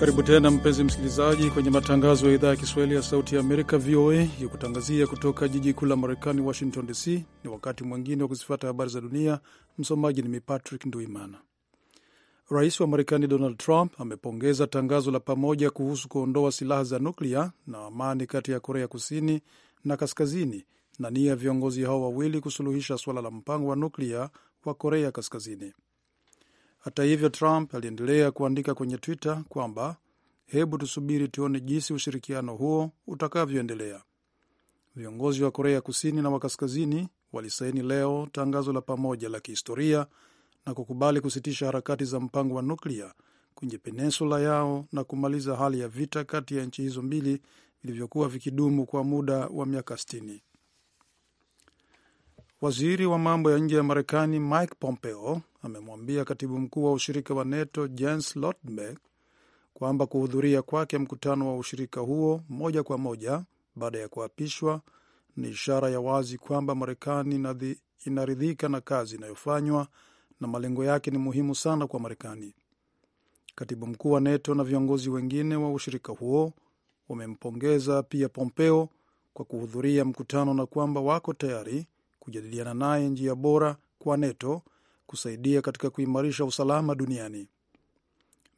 Karibu tena mpenzi msikilizaji, kwenye matangazo ya idhaa ya Kiswahili ya Sauti ya Amerika, VOA, yakutangazia kutoka jiji kuu la Marekani, Washington DC. Ni wakati mwingine wa kuzifata habari za dunia. Msomaji ni mimi Patrick Nduimana. Rais wa Marekani Donald Trump amepongeza tangazo la pamoja kuhusu kuondoa silaha za nuklia na amani kati ya Korea Kusini na Kaskazini na nia ya viongozi hao wawili kusuluhisha suala la mpango wa nuklia wa Korea Kaskazini. Hata hivyo, Trump aliendelea kuandika kwenye Twitter kwamba hebu tusubiri tuone jinsi ushirikiano huo utakavyoendelea. Viongozi wa Korea Kusini na wa Kaskazini walisaini leo tangazo la pamoja la kihistoria na kukubali kusitisha harakati za mpango wa nuklia kwenye peninsula yao na kumaliza hali ya vita kati ya nchi hizo mbili vilivyokuwa vikidumu kwa muda wa miaka 60. Waziri wa mambo ya nje ya Marekani Mike Pompeo amemwambia katibu mkuu wa ushirika wa NATO Jens Stoltenberg kwamba kuhudhuria kwake mkutano wa ushirika huo moja kwa moja baada ya kuapishwa ni ishara ya wazi kwamba Marekani inaridhika na kazi inayofanywa na malengo yake ni muhimu sana kwa Marekani. Katibu mkuu wa NATO na viongozi wengine wa ushirika huo wamempongeza pia Pompeo kwa kuhudhuria mkutano na kwamba wako tayari kujadiliana naye njia bora kwa NATO kusaidia katika kuimarisha usalama duniani.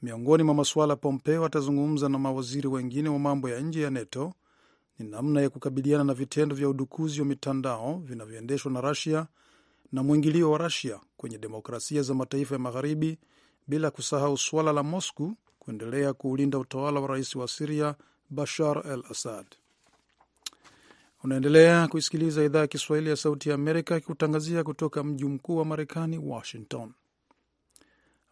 Miongoni mwa masuala Pompeo atazungumza na mawaziri wengine wa mambo ya nje ya NATO ni namna ya kukabiliana na vitendo vya udukuzi wa mitandao vinavyoendeshwa na rasia na mwingilio wa rasia kwenye demokrasia za mataifa ya Magharibi, bila kusahau suala la Moscow kuendelea kuulinda utawala wa rais wa Siria Bashar al Assad. Unaendelea kuisikiliza idhaa ya Kiswahili ya Sauti ya Amerika ikikutangazia kutoka mji mkuu wa Marekani, Washington.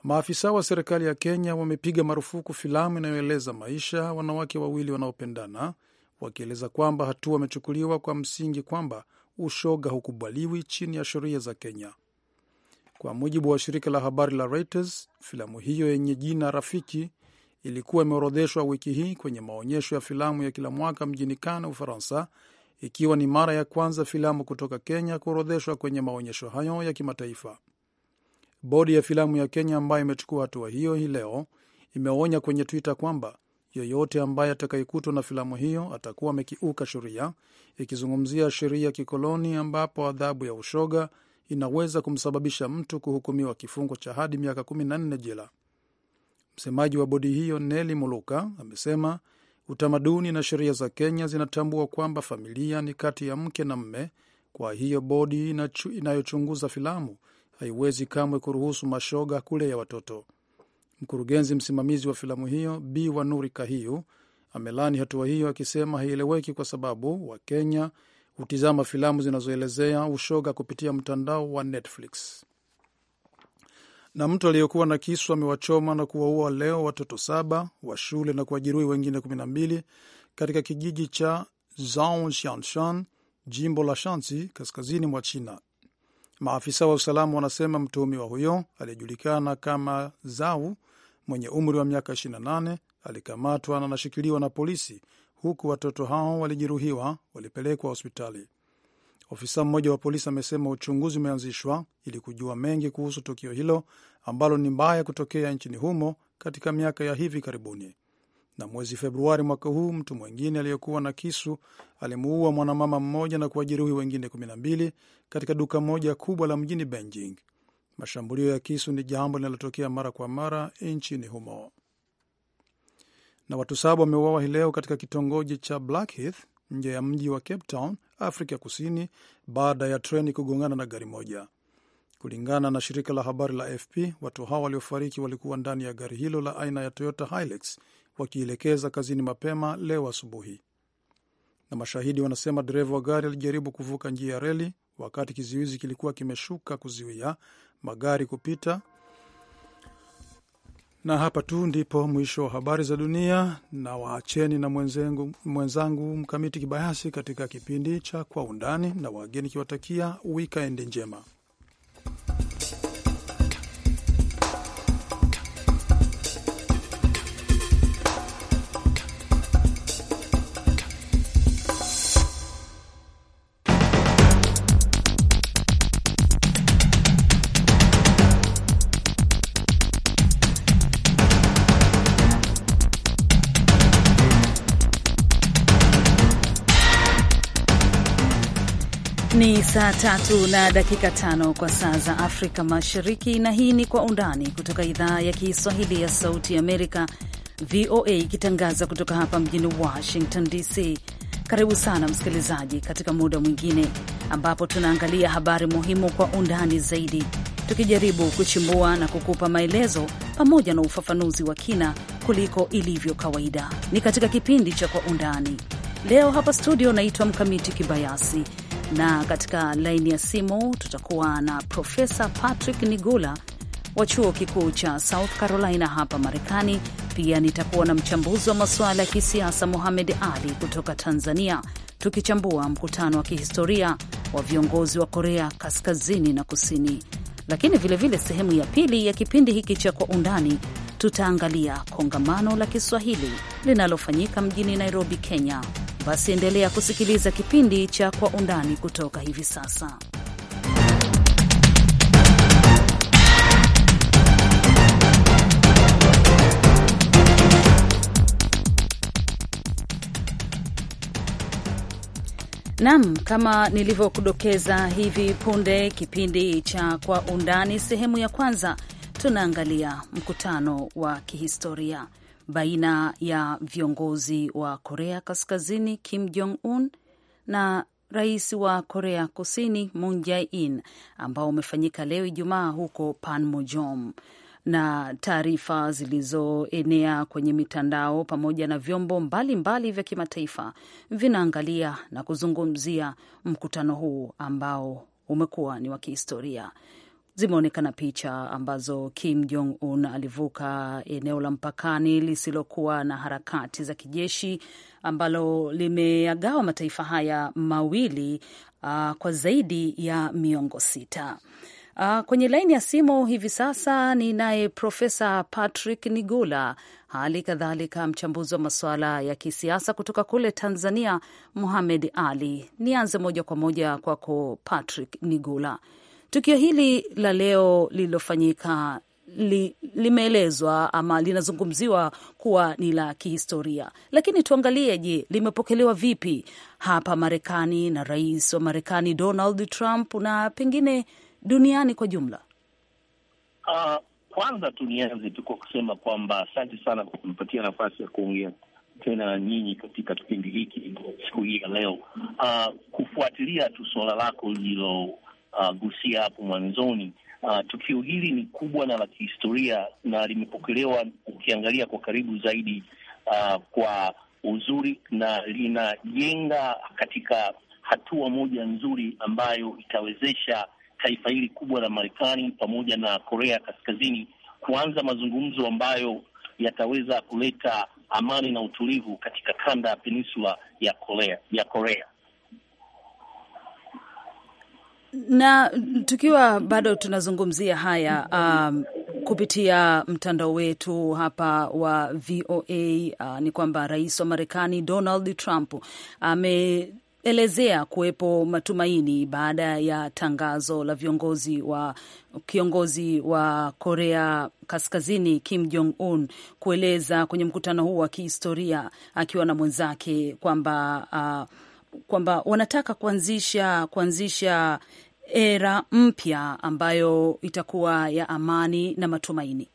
Maafisa wa serikali ya Kenya wamepiga marufuku filamu inayoeleza maisha wanawake wawili wanaopendana, wakieleza kwamba hatua wamechukuliwa kwa msingi kwamba ushoga hukubaliwi chini ya sheria za Kenya. Kwa mujibu wa shirika la habari la Reuters, filamu hiyo yenye jina Rafiki ilikuwa imeorodheshwa wiki hii kwenye maonyesho ya filamu ya kila mwaka mjini Cannes, Ufaransa, ikiwa ni mara ya kwanza filamu kutoka Kenya kuorodheshwa kwenye maonyesho hayo ya kimataifa. Bodi ya filamu ya Kenya ambayo imechukua hatua hiyo hii leo imeonya kwenye Twitter kwamba yoyote ambaye atakayekutwa na filamu hiyo atakuwa amekiuka sheria, ikizungumzia sheria ya kikoloni ambapo adhabu ya ushoga inaweza kumsababisha mtu kuhukumiwa kifungo cha hadi miaka 14 jela. Msemaji wa bodi hiyo Neli Muluka amesema Utamaduni na sheria za Kenya zinatambua kwamba familia ni kati ya mke na mme. Kwa hiyo bodi inayochunguza filamu haiwezi kamwe kuruhusu mashoga kule ya watoto. Mkurugenzi msimamizi wa filamu hiyo B Wanuri Kahiu amelani hatua hiyo akisema haieleweki kwa sababu Wakenya hutizama filamu zinazoelezea ushoga kupitia mtandao wa Netflix na mtu aliyekuwa na kisu amewachoma na kuwaua leo watoto saba wa shule na kuwajeruhi wengine kumi na mbili katika kijiji cha Zhangjianshan, jimbo la Shansi, kaskazini mwa China. Maafisa wa usalama wanasema mtuhumiwa huyo aliyejulikana kama Zau mwenye umri wa miaka 28 alikamatwa na anashikiliwa na polisi, huku watoto hao walijeruhiwa walipelekwa hospitali. Ofisa mmoja wa polisi amesema uchunguzi umeanzishwa ili kujua mengi kuhusu tukio hilo ambalo ni mbaya kutokea nchini humo katika miaka ya hivi karibuni. Na mwezi Februari mwaka huu mtu mwingine aliyekuwa na kisu alimuua mwanamama mmoja na kuwajeruhi wengine 12 katika duka moja kubwa la mjini Beijing. Mashambulio ya kisu ni jambo linalotokea mara kwa mara nchini humo. Na watu saba wameuawa hii leo katika kitongoji cha Blackheath nje ya mji wa Cape Town Afrika Kusini baada ya treni kugongana na gari moja. Kulingana na shirika la habari la AFP, watu hao waliofariki walikuwa ndani ya gari hilo la aina ya Toyota Hilux wakielekeza kazini mapema leo asubuhi. Na mashahidi wanasema dereva wa gari alijaribu kuvuka njia ya reli wakati kizuizi kilikuwa kimeshuka kuzuia magari kupita na hapa tu ndipo mwisho wa habari za dunia, na waacheni na mwenzangu, mwenzangu Mkamiti Kibayasi katika kipindi cha Kwa Undani na wageni kiwatakia wikendi njema. Saa tatu na dakika tano kwa saa za Afrika Mashariki, na hii ni Kwa Undani kutoka idhaa ya Kiswahili ya Sauti Amerika, VOA, ikitangaza kutoka hapa mjini Washington DC. Karibu sana msikilizaji, katika muda mwingine ambapo tunaangalia habari muhimu kwa undani zaidi, tukijaribu kuchimbua na kukupa maelezo pamoja na ufafanuzi wa kina kuliko ilivyo kawaida. Ni katika kipindi cha Kwa Undani. Leo hapa studio, naitwa Mkamiti Kibayasi na katika laini ya simu tutakuwa na Profesa Patrick Nigula wa chuo kikuu cha South Carolina hapa Marekani. Pia nitakuwa na mchambuzi wa masuala ya kisiasa muhamed Ali kutoka Tanzania, tukichambua mkutano wa kihistoria wa viongozi wa Korea Kaskazini na Kusini. Lakini vilevile vile sehemu ya pili ya kipindi hiki cha Kwa Undani tutaangalia kongamano la Kiswahili linalofanyika mjini Nairobi, Kenya basi endelea kusikiliza kipindi cha Kwa Undani kutoka hivi sasa. Nam, kama nilivyokudokeza hivi punde, kipindi cha Kwa Undani sehemu ya kwanza tunaangalia mkutano wa kihistoria baina ya viongozi wa Korea Kaskazini Kim Jong Un na rais wa Korea Kusini Moon Jae-in ambao umefanyika leo Ijumaa huko Panmunjom na taarifa zilizoenea kwenye mitandao pamoja na vyombo mbalimbali vya kimataifa vinaangalia na kuzungumzia mkutano huu ambao umekuwa ni wa kihistoria zimeonekana picha ambazo Kim Jong Un alivuka eneo la mpakani lisilokuwa na harakati za kijeshi ambalo limeagawa mataifa haya mawili uh, kwa zaidi ya miongo sita. Uh, kwenye laini ya simu hivi sasa ninaye Profesa Patrick Nigula, hali kadhalika mchambuzi wa masuala ya kisiasa kutoka kule Tanzania, Muhamed Ali. Nianze moja kwa moja kwako Patrick Nigula. Tukio hili la leo lililofanyika li, limeelezwa ama linazungumziwa kuwa ni la kihistoria, lakini tuangalie, je, limepokelewa vipi hapa Marekani na rais wa Marekani Donald Trump na pengine duniani kwa jumla? Uh, kwanza tunianze tu kwa kusema kwamba asante sana kwa kunipatia nafasi ya kuongea tena na nyinyi katika kipindi hiki siku hii ya leo, uh, kufuatilia tu suala lako lilo uh, gusia hapo mwanzoni. Uh, tukio hili ni kubwa na la kihistoria na limepokelewa ukiangalia kwa karibu zaidi uh, kwa uzuri na linajenga katika hatua moja nzuri ambayo itawezesha taifa hili kubwa la Marekani pamoja na Korea Kaskazini kuanza mazungumzo ambayo yataweza kuleta amani na utulivu katika kanda ya peninsula ya Korea ya Korea na tukiwa bado tunazungumzia haya um, kupitia mtandao wetu hapa wa VOA uh, ni kwamba rais wa Marekani Donald Trump ameelezea kuwepo matumaini baada ya tangazo la viongozi wa kiongozi wa Korea Kaskazini Kim Jong Un kueleza kwenye mkutano huu wa kihistoria akiwa na mwenzake kwamba uh, kwamba wanataka kuanzisha kuanzisha era mpya ambayo itakuwa ya amani na matumaini.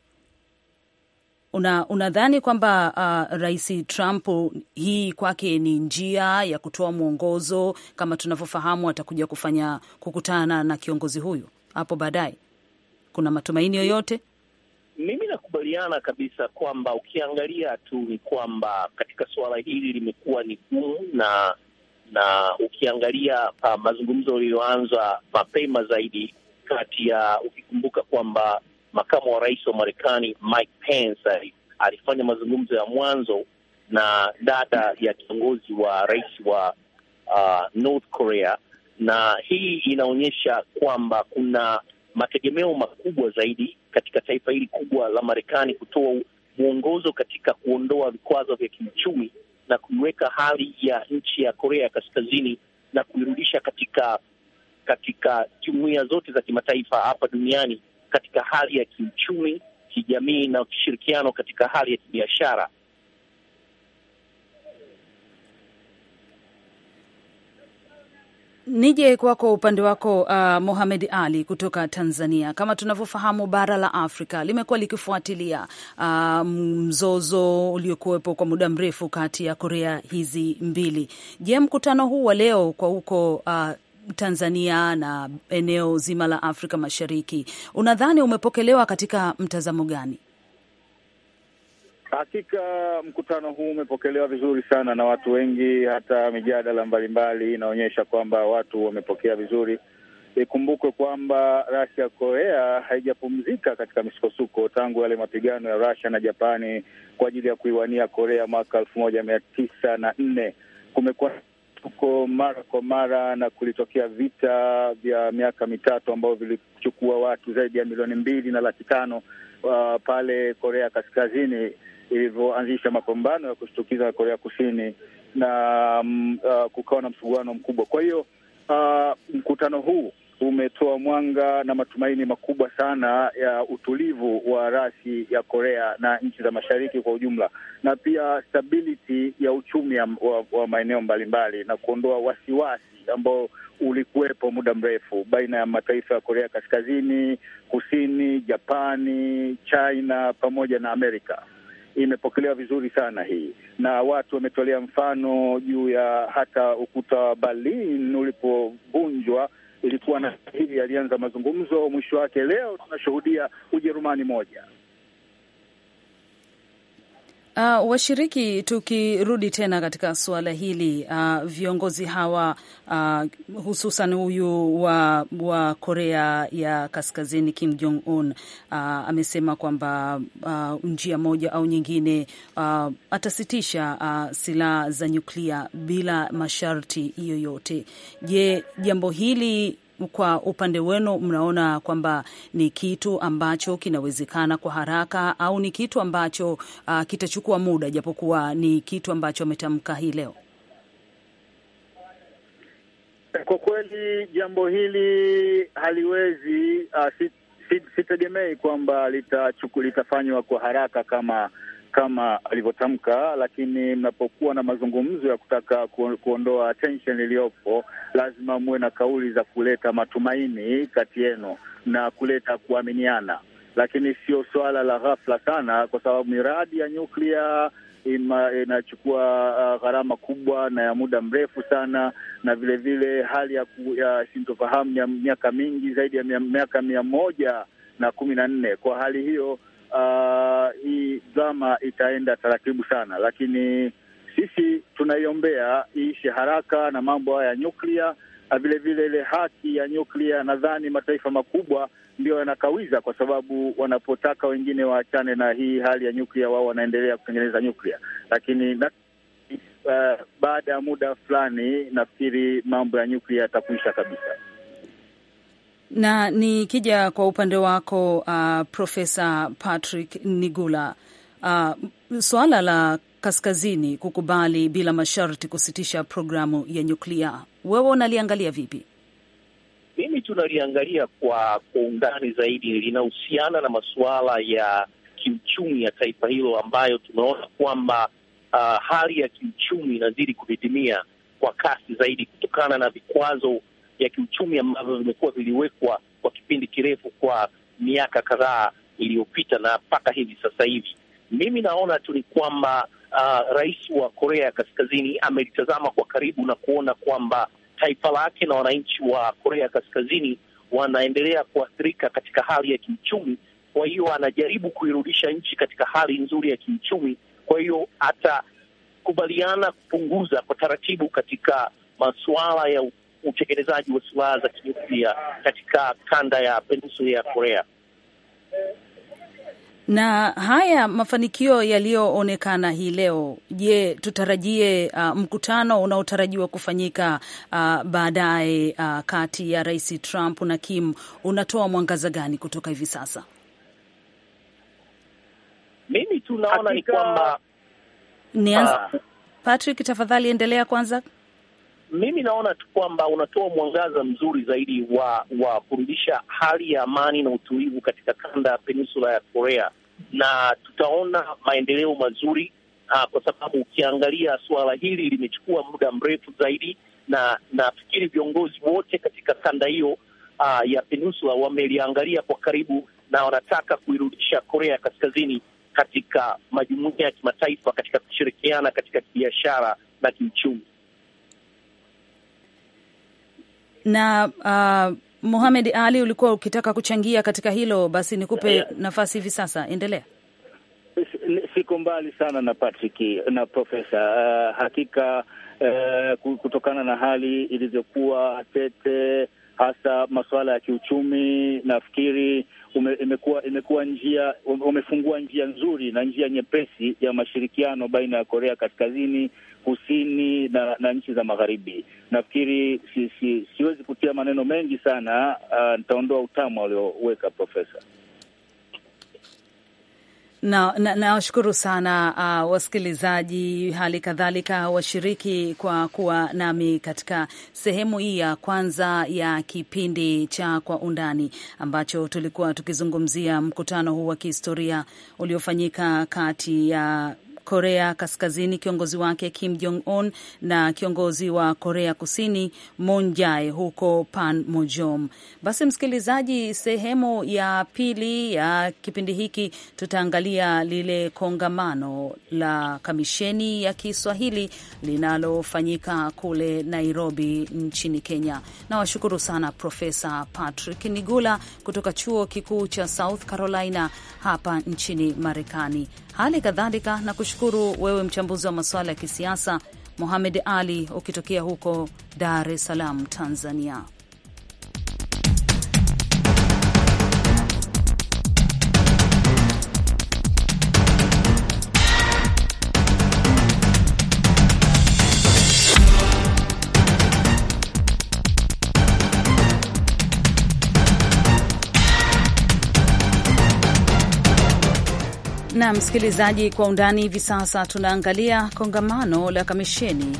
Una, unadhani kwamba uh, Rais Trump hii kwake ni njia ya kutoa mwongozo? Kama tunavyofahamu atakuja kufanya kukutana na kiongozi huyu hapo baadaye, kuna matumaini yoyote? Mimi nakubaliana kabisa kwamba ukiangalia tu ni kwamba katika suala hili limekuwa ni gumu na na ukiangalia uh, mazungumzo yaliyoanza mapema zaidi kati ya uh, ukikumbuka kwamba makamu wa rais wa Marekani Mike Pence alifanya mazungumzo ya mwanzo na dada ya kiongozi wa rais wa uh, North Korea, na hii inaonyesha kwamba kuna mategemeo makubwa zaidi katika taifa hili kubwa la Marekani kutoa mwongozo katika kuondoa vikwazo vya kiuchumi na kumweka hali ya nchi ya Korea ya Kaskazini na kuirudisha katika katika jumuiya zote za kimataifa hapa duniani katika hali ya kiuchumi, kijamii na ushirikiano katika hali ya kibiashara. Nije kwako upande wako uh, Mohamed Ali kutoka Tanzania. Kama tunavyofahamu, bara la Afrika limekuwa likifuatilia uh, mzozo uliokuwepo kwa muda mrefu kati ya Korea hizi mbili. Je, mkutano huu wa leo kwa huko uh, Tanzania na eneo zima la Afrika Mashariki unadhani umepokelewa katika mtazamo gani? Hakika mkutano huu umepokelewa vizuri sana na watu wengi, hata mijadala mbalimbali inaonyesha kwamba watu wamepokea vizuri. Ikumbukwe kwamba Rasia ya Korea haijapumzika katika misukosuko tangu yale mapigano ya Rasia na Japani kwa ajili ya kuiwania Korea mwaka elfu moja mia tisa na nne. Kumekuwa tuko mara kwa mara na kulitokea vita vya miaka mitatu ambavyo vilichukua watu zaidi ya milioni mbili na laki tano uh, pale Korea Kaskazini ilivyoanzisha mapambano ya kushtukiza Korea Kusini na um, uh, kukawa na msuguano mkubwa. Kwa hiyo uh, mkutano huu umetoa mwanga na matumaini makubwa sana ya utulivu wa rasi ya Korea na nchi za Mashariki kwa ujumla, na pia stability ya uchumi wa, wa maeneo mbalimbali na kuondoa wasiwasi ambao ulikuwepo muda mrefu baina ya mataifa ya Korea Kaskazini, Kusini, Japani, China pamoja na Amerika imepokelewa vizuri sana hii, na watu wametolea mfano juu ya hata ukuta wa Berlin ulipovunjwa ilikuwa na hivi alianza mazungumzo, mwisho wake leo tunashuhudia Ujerumani moja. Uh, washiriki, tukirudi tena katika suala hili uh, viongozi hawa uh, hususan huyu wa, wa Korea ya Kaskazini Kim Jong Un uh, amesema kwamba uh, njia moja au nyingine uh, atasitisha uh, silaha za nyuklia bila masharti yoyote. Je, jambo hili kwa upande wenu mnaona kwamba ni kitu ambacho kinawezekana kwa haraka au ni kitu ambacho uh, kitachukua muda, japokuwa ni kitu ambacho ametamka hii leo? Kwa kweli jambo hili haliwezi uh, sitegemei sit, kwamba litafanywa kwa haraka kama kama alivyotamka, lakini mnapokuwa na mazungumzo ya kutaka kuondoa tension iliyopo, lazima muwe na kauli za kuleta matumaini kati yenu na kuleta kuaminiana, lakini sio suala la ghafla sana, kwa sababu miradi ya nyuklia inachukua uh, gharama kubwa na ya muda mrefu sana, na vilevile vile hali ya, ya sintofahamu ya miaka mingi zaidi ya miaka mia moja na kumi na nne. Kwa hali hiyo uh, hii zama itaenda taratibu sana, lakini sisi tunaiombea iishe haraka na mambo haya ya nyuklia na vilevile ile haki ya nyuklia. Nadhani mataifa makubwa ndio yanakawiza, kwa sababu wanapotaka wengine waachane na hii hali ya nyuklia, wao wanaendelea kutengeneza nyuklia, lakini na, uh, baada ya muda fulani nafikiri mambo ya nyuklia yatakuisha kabisa. Na nikija kwa upande wako uh, Profesa Patrick Nigula, uh, suala la kaskazini kukubali bila masharti kusitisha programu ya nyuklia, wewe unaliangalia vipi? Mimi tunaliangalia kwa kwa undani zaidi, linahusiana na masuala ya kiuchumi ya taifa hilo ambayo tumeona kwamba uh, hali ya kiuchumi inazidi kudidimia kwa kasi zaidi kutokana na vikwazo ya kiuchumi ambavyo vimekuwa viliwekwa kwa kipindi kirefu, kwa miaka kadhaa iliyopita na mpaka hivi sasa hivi. Mimi naona tu ni kwamba uh, rais wa Korea ya Kaskazini amelitazama kwa karibu na kuona kwamba taifa lake na wananchi wa Korea ya Kaskazini wanaendelea kuathirika katika hali ya kiuchumi. Kwa hiyo anajaribu kuirudisha nchi katika hali nzuri ya kiuchumi. Kwa hiyo atakubaliana kupunguza kwa taratibu katika masuala ya utekelezaji wa silaha za kinyuklia katika kanda ya peninsula ya Korea. Na haya mafanikio yaliyoonekana hii leo, je, tutarajie uh, mkutano unaotarajiwa kufanyika uh, baadaye uh, kati ya Rais Trump na Kim unatoa mwangaza gani kutoka hivi sasa? Mimi tunaona ni kwamba uh, Patrick, tafadhali endelea kwanza. Mimi naona tu kwamba unatoa mwangaza mzuri zaidi wa wa kurudisha hali ya amani na utulivu katika kanda ya peninsula ya Korea, na tutaona maendeleo mazuri ha, ah, kwa sababu ukiangalia suala hili limechukua muda mrefu zaidi, na nafikiri viongozi wote katika kanda hiyo ah, ya peninsula wameliangalia kwa karibu na wanataka kuirudisha Korea ya Kaskazini katika majumuiya ya kimataifa katika kushirikiana katika kibiashara na kiuchumi. na uh, Muhamed Ali, ulikuwa ukitaka kuchangia katika hilo, basi nikupe eh, nafasi hivi sasa, endelea. Siko mbali sana na Patrick na Profesa. Uh, hakika uh, kutokana na hali ilivyokuwa tete, hasa masuala ya kiuchumi, nafikiri imekuwa imekuwa njia umefungua njia nzuri na njia nyepesi ya mashirikiano baina ya Korea Kaskazini kusini na, na nchi za magharibi. Nafikiri si, si, siwezi kutia maneno mengi sana uh, nitaondoa utamu alioweka Profesa. Nawashukuru na, na sana uh, wasikilizaji, hali kadhalika washiriki kwa kuwa nami katika sehemu hii ya kwanza ya kipindi cha Kwa Undani ambacho tulikuwa tukizungumzia mkutano huu wa kihistoria uliofanyika kati ya Korea Kaskazini kiongozi wake Kim Jong Un na kiongozi wa Korea Kusini Moon Jae huko Panmunjom. Basi msikilizaji, sehemu ya pili ya kipindi hiki tutaangalia lile kongamano la kamisheni ya Kiswahili linalofanyika kule Nairobi nchini Kenya. Nawashukuru sana Profesa Patrick Nigula kutoka chuo kikuu cha South Carolina hapa nchini Marekani. Hali kadhalika na kushukuru wewe mchambuzi wa masuala ya kisiasa Mohamed Ali ukitokea huko Dar es Salaam, Tanzania. na msikilizaji, kwa undani hivi sasa tunaangalia kongamano la kamisheni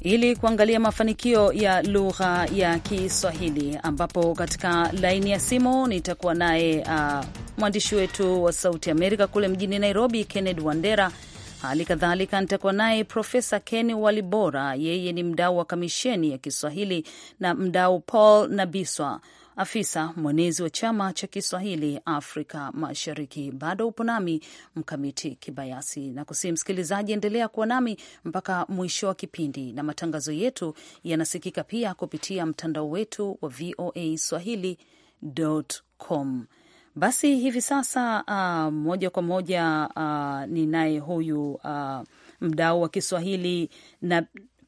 ili kuangalia mafanikio ya lugha ya Kiswahili, ambapo katika laini ya simu nitakuwa naye uh, mwandishi wetu wa Sauti Amerika kule mjini Nairobi, kenned Wandera. Hali kadhalika nitakuwa naye Profesa Ken Walibora, yeye ni mdau wa kamisheni ya Kiswahili na mdau Paul Nabiswa afisa mwenezi wa chama cha Kiswahili Afrika Mashariki. Bado upo nami Mkamiti Kibayasi na kusi msikilizaji, endelea kuwa nami mpaka mwisho wa kipindi, na matangazo yetu yanasikika pia kupitia mtandao wetu wa VOA Swahili.com. Basi hivi sasa uh, moja kwa moja uh, ninaye huyu uh, mdau wa Kiswahili na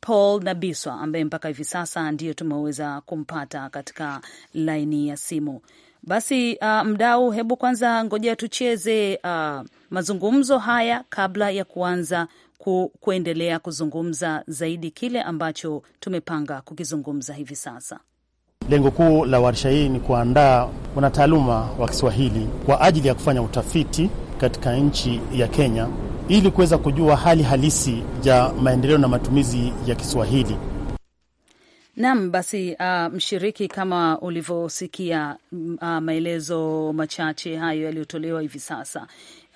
Paul Nabiswa ambaye mpaka hivi sasa ndiyo tumeweza kumpata katika laini ya simu. Basi uh, mdau, hebu kwanza ngoja tucheze uh, mazungumzo haya kabla ya kuanza ku, kuendelea kuzungumza zaidi kile ambacho tumepanga kukizungumza hivi sasa. Lengo kuu la warsha hii ni kuandaa wanataaluma wa Kiswahili kwa ajili ya kufanya utafiti katika nchi ya Kenya ili kuweza kujua hali halisi ya maendeleo na matumizi ya Kiswahili. Naam, basi uh, mshiriki, kama ulivyosikia uh, maelezo machache hayo yaliyotolewa hivi sasa,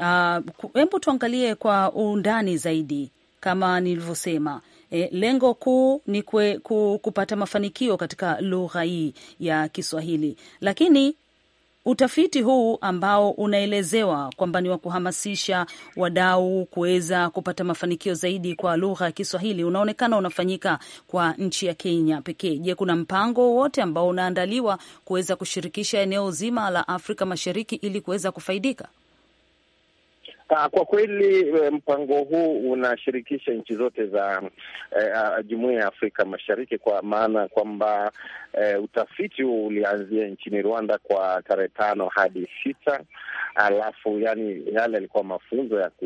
ah, hebu uh, tuangalie kwa undani zaidi. Kama nilivyosema e, lengo kuu ni kwe, ku, kupata mafanikio katika lugha hii ya Kiswahili, lakini Utafiti huu ambao unaelezewa kwamba ni wa kuhamasisha wadau kuweza kupata mafanikio zaidi kwa lugha ya Kiswahili unaonekana unafanyika kwa nchi ya Kenya pekee. Je, kuna mpango wowote ambao unaandaliwa kuweza kushirikisha eneo zima la Afrika Mashariki ili kuweza kufaidika? Ah, kwa kweli eh, mpango huu unashirikisha nchi zote za eh, ah, jumuiya ya Afrika Mashariki kwa maana kwamba eh, utafiti huu ulianzia nchini Rwanda kwa tarehe tano hadi sita alafu yani yale yalikuwa mafunzo ya ku,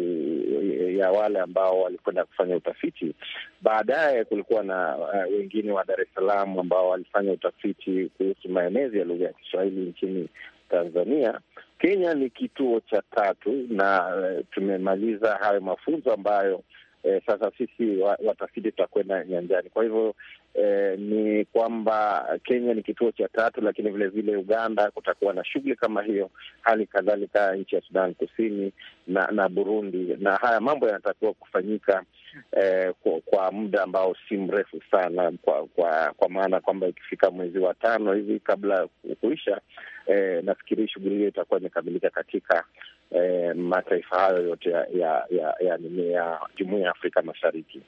ya wale ambao walikwenda kufanya utafiti. Baadaye kulikuwa na uh, wengine wa Dar es Salaam ambao walifanya utafiti kuhusu maenezi ya lugha ya Kiswahili nchini Tanzania Kenya ni kituo cha tatu na eh, tumemaliza hayo mafunzo ambayo e, sasa sisi watafiti tutakwenda nyanjani. Kwa hivyo eh, ni kwamba Kenya ni kituo cha tatu, lakini vilevile vile Uganda kutakuwa na shughuli kama hiyo, hali kadhalika nchi ya Sudan Kusini na na Burundi, na haya mambo yanatakiwa kufanyika eh, kwa, kwa muda ambao si mrefu sana, kwa kwa, kwa maana kwamba ikifika mwezi wa tano hivi kabla ya kuisha, eh, nafikiri shughuli hiyo itakuwa imekamilika katika eh, mataifa hayo yote ya, ya, ya, ya, ya, ya Jumuiya ya Afrika Mashariki.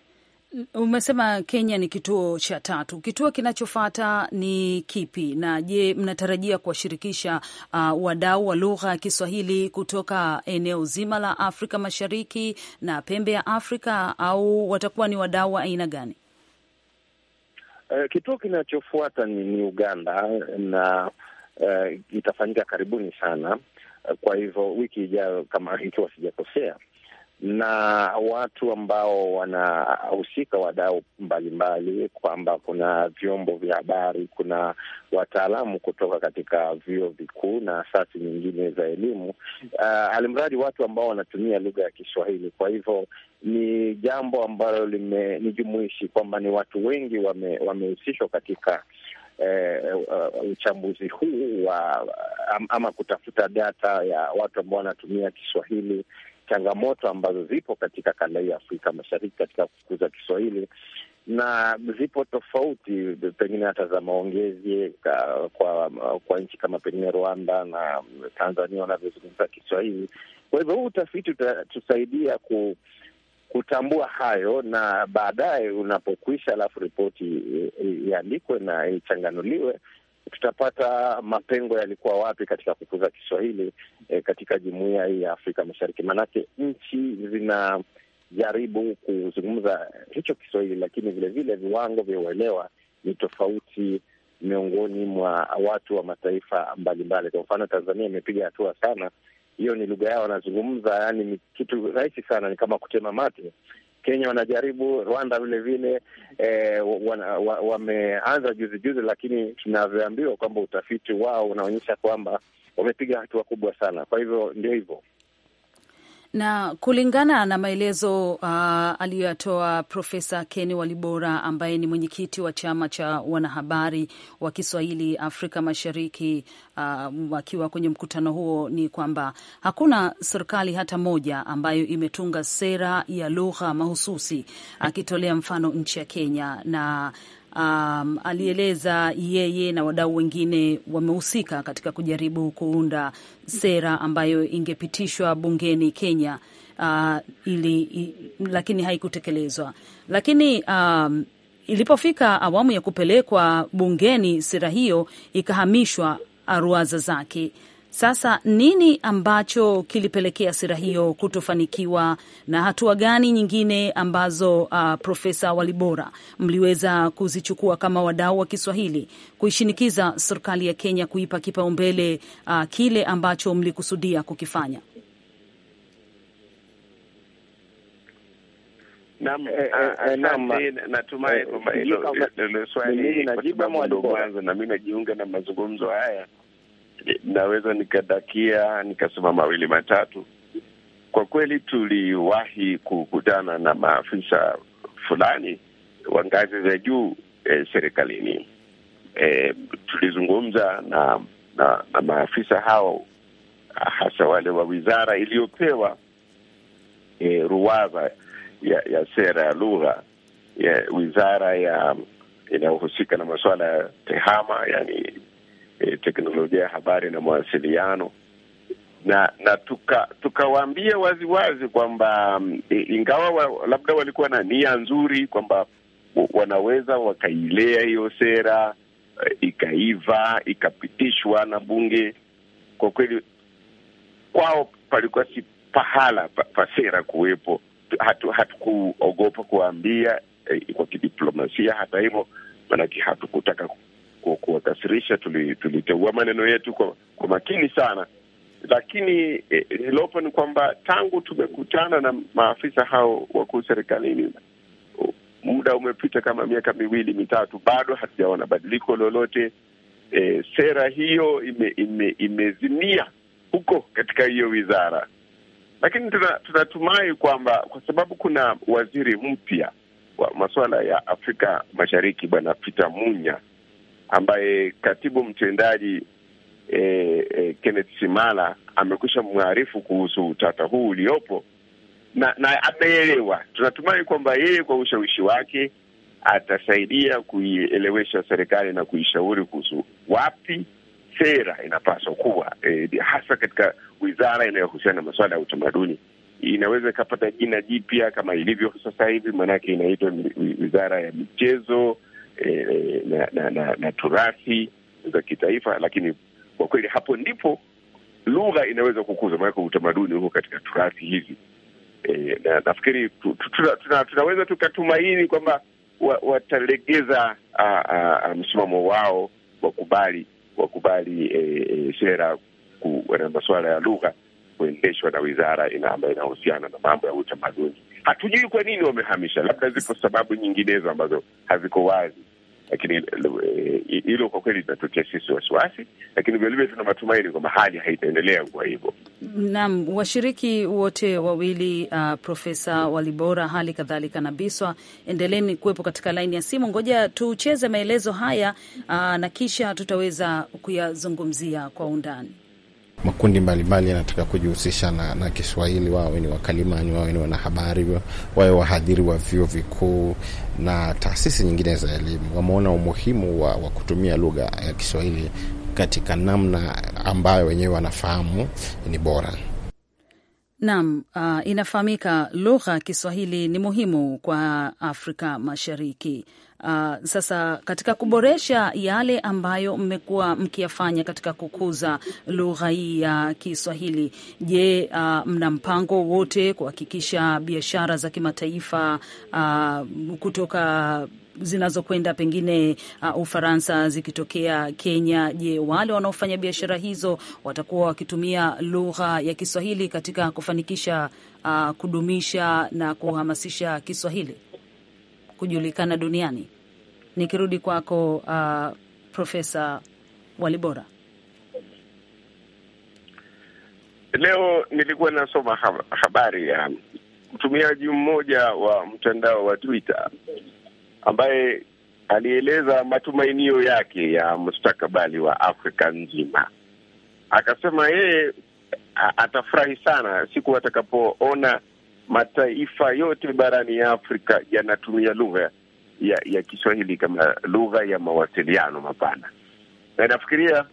Umesema Kenya ni kituo cha tatu, kituo kinachofuata ni kipi? Na je, mnatarajia kuwashirikisha uh, wadau wa lugha ya Kiswahili kutoka eneo zima la Afrika Mashariki na pembe ya Afrika, au watakuwa ni wadau wa aina gani? Uh, kituo kinachofuata ni, ni Uganda na uh, itafanyika karibuni sana. Eh, kwa hivyo wiki ijayo, kama ikiwa sijakosea na watu ambao wanahusika, wadau mbalimbali, kwamba kuna vyombo vya habari, kuna wataalamu kutoka katika vyuo vikuu na asasi nyingine za elimu, uh, alimradi watu ambao wanatumia lugha ya Kiswahili. Kwa hivyo ni jambo ambalo lime ni jumuishi kwamba ni watu wengi wamehusishwa wame katika uchambuzi eh, uh, uchambuzi huu wa ama kutafuta data ya watu ambao wanatumia Kiswahili changamoto ambazo zipo katika kanda hii ya Afrika Mashariki katika kukuza Kiswahili na zipo tofauti pengine hata za maongezi kwa kwa nchi kama pengine Rwanda na Tanzania wanavyozungumza Kiswahili. Kwa hivyo huu utafiti utatusaidia ku, kutambua hayo na baadaye unapokwisha, alafu ripoti iandikwe na ichanganuliwe tutapata mapengo yalikuwa wapi katika kukuza Kiswahili e, katika jumuiya hii ya Afrika Mashariki, maanake nchi zinajaribu kuzungumza hicho Kiswahili, lakini vilevile viwango vya uelewa ni tofauti miongoni mwa watu wa mataifa mbalimbali. Kwa mfano, Tanzania imepiga hatua sana, hiyo ni lugha yao wanazungumza, yani ni kitu rahisi sana, ni kama kutema mate Kenya wanajaribu, Rwanda vile vile eh, wameanza wa, wa juzi juzi, lakini tunavyoambiwa kwamba utafiti wao unaonyesha kwamba wamepiga hatua kubwa sana. Kwa hivyo ndio hivyo. Na kulingana na maelezo uh, aliyoyatoa Profesa Ken Walibora ambaye ni mwenyekiti wa chama cha wanahabari wa Kiswahili Afrika Mashariki uh, wakiwa kwenye mkutano huo, ni kwamba hakuna serikali hata moja ambayo imetunga sera ya lugha mahususi, akitolea mfano nchi ya Kenya na um, alieleza yeye na wadau wengine wamehusika katika kujaribu kuunda sera ambayo ingepitishwa bungeni Kenya, uh, ili, i, lakini haikutekelezwa. Lakini um, ilipofika awamu ya kupelekwa bungeni, sera hiyo ikahamishwa aruaza zake sasa nini ambacho kilipelekea sera hiyo kutofanikiwa na hatua gani nyingine ambazo uh, Profesa Walibora mliweza kuzichukua kama wadau wa Kiswahili kuishinikiza serikali ya Kenya kuipa kipaumbele uh, kile ambacho mlikusudia kukifanya? Naam, eh, eh, eh, natumai kwamba hilo swali, kwa sababu ndo kwanza na mi najiunga na mazungumzo haya naweza nikadakia nikasema mawili matatu. Kwa kweli tuliwahi kukutana na maafisa fulani wa ngazi za juu e, serikalini e, tulizungumza na, na, na maafisa hao hasa wale wa wizara iliyopewa e, ruwaza ya, ya sera ya lugha ya wizara ya inayohusika na masuala ya tehama, yani e, teknolojia ya habari na mawasiliano na na tukawaambia tuka waziwazi kwamba e, ingawa wa, labda walikuwa na nia nzuri kwamba wanaweza wakailea hiyo sera e, ikaiva ikapitishwa na bunge. Kwa kweli kwao palikuwa si pahala pa, pa sera kuwepo. Hatu, hatukuogopa kuwaambia e, kwa kidiplomasia. Hata hivyo, maanake hatukutaka kuwakasirisha. Tuliteua maneno yetu kwa, kwa makini sana, lakini lilopo eh, ni kwamba tangu tumekutana na maafisa hao wakuu serikalini, muda umepita kama miaka miwili mitatu, bado hatujaona badiliko lolote. Eh, sera hiyo ime, ime, imezimia huko katika hiyo wizara, lakini tunatumai tuna kwamba kwa sababu kuna waziri mpya wa masuala ya Afrika Mashariki Bwana Peter Munya ambaye katibu mtendaji e, e, Kenneth Simala amekwisha mwarifu kuhusu utata huu uliopo na, na ameelewa. Tunatumai kwamba yeye kwa ushawishi wake atasaidia kuielewesha serikali na kuishauri kuhusu wapi sera inapaswa kuwa e, hasa katika wizara inayohusiana na masuala ya utamaduni. Inaweza ikapata jina jipya kama ilivyo sasa hivi, maanake inaitwa wizara ya michezo e, na, na, na, na turathi za kitaifa, lakini kwa kweli hapo ndipo lugha inaweza kukuza, maanake utamaduni huko katika turathi hizi e, na nafikiri tu, tu, tuna, tuna, tunaweza tukatumaini kwamba watalegeza wa msimamo wao, wakubali wakubali e, e, sera na masuala ya lugha kuendeshwa na wizara ina ambayo inahusiana na mambo ya utamaduni. Hatujui kwa nini wamehamisha, labda zipo sababu nyinginezo ambazo haziko wazi, lakini eh, hilo kwa kweli linatutia sisi wasiwasi, lakini vilevile tuna matumaini kwamba hali haitaendelea kuwa hivyo. Naam, washiriki wote wawili uh, Profesa Walibora hali kadhalika na Biswa, endeleni kuwepo katika laini ya simu. Ngoja tucheze maelezo haya uh, na kisha tutaweza kuyazungumzia kwa undani makundi mbalimbali yanataka kujihusisha na, na Kiswahili, wawe ni wakalimani wawe ni wanahabari, wawe wahadhiri wa vyuo vikuu na taasisi nyingine za elimu. Wameona umuhimu wa, wa kutumia lugha ya Kiswahili katika namna ambayo wenyewe wanafahamu ni bora. Naam, uh, inafahamika lugha ya Kiswahili ni muhimu kwa Afrika Mashariki. Uh, sasa katika kuboresha yale ambayo mmekuwa mkiyafanya katika kukuza lugha hii ya Kiswahili, je, uh, mna mpango wote kuhakikisha biashara za kimataifa uh, kutoka zinazokwenda pengine uh, Ufaransa zikitokea Kenya, je, wale wanaofanya biashara hizo watakuwa wakitumia lugha ya Kiswahili katika kufanikisha uh, kudumisha na kuhamasisha Kiswahili? kujulikana duniani. Nikirudi kwako, uh, Profesa Walibora, leo nilikuwa nasoma habari ya mtumiaji mmoja wa mtandao wa Twitter ambaye alieleza matumainio yake ya mustakabali wa Afrika nzima. Akasema yeye atafurahi sana siku atakapoona mataifa yote barani ya Afrika yanatumia lugha ya ya Kiswahili kama lugha ya mawasiliano mapana, na nafikiria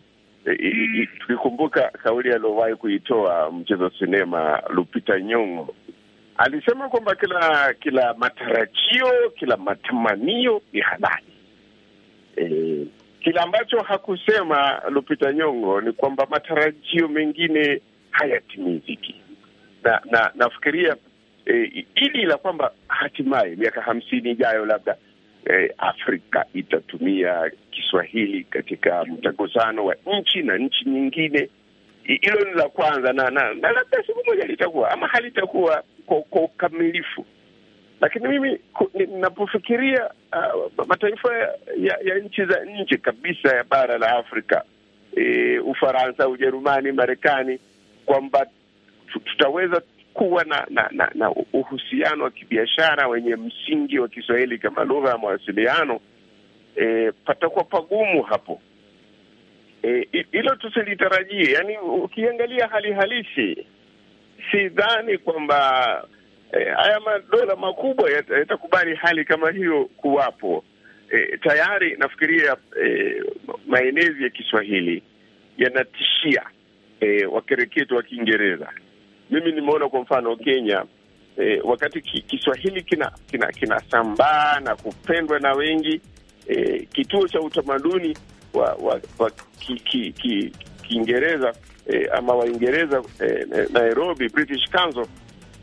mm, tukikumbuka kauli aliyowahi kuitoa mchezo sinema Lupita Nyong'o, alisema kwamba kila kila matarajio, kila matamanio ni halali. E, kila ambacho hakusema Lupita Nyong'o ni kwamba matarajio mengine hayatimiziki, na na nafikiria e, ili la kwamba hatimaye miaka hamsini ijayo labda e, Afrika itatumia Kiswahili katika mtagozano wa nchi na nchi nyingine. Hilo ni la kwanza, na na, na labda siku moja litakuwa ama halitakuwa kwa ukamilifu, lakini mimi ninapofikiria uh, mataifa ya, ya nchi za nje kabisa ya bara la Afrika e, Ufaransa, Ujerumani, Marekani kwamba tutaweza kuwa na na, na, na uhusiano wa kibiashara wenye msingi wa Kiswahili kama lugha ya mawasiliano e, patakuwa pagumu hapo. Hilo e, tusilitarajie. Yani, ukiangalia hali halisi, sidhani kwamba e, haya e, madola makubwa yatakubali yata hali kama hiyo kuwapo. E, tayari nafikiria e, maenezi ya Kiswahili yanatishia e, wakereketo wa Kiingereza mimi nimeona kwa mfano Kenya e, wakati Kiswahili kinasambaa kina, kina na kupendwa na wengi e, kituo cha utamaduni wa, wa, wa Kiingereza ki, ki, ki e, ama Waingereza e, Nairobi British Council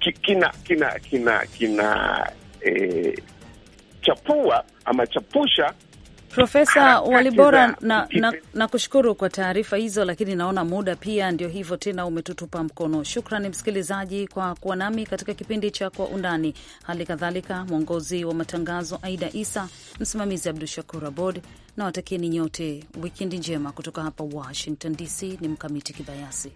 ki, kina kina kina, kina e, chapua ama chapusha Profesa Walibora, na, na, na kushukuru kwa taarifa hizo, lakini naona muda pia ndio hivyo tena umetutupa mkono. Shukrani msikilizaji kwa kuwa nami katika kipindi cha Kwa Undani. Hali kadhalika mwongozi wa matangazo Aida Isa, msimamizi Abdu Shakur Abod, na watakieni nyote wikendi njema kutoka hapa Washington DC. Ni Mkamiti Kibayasi.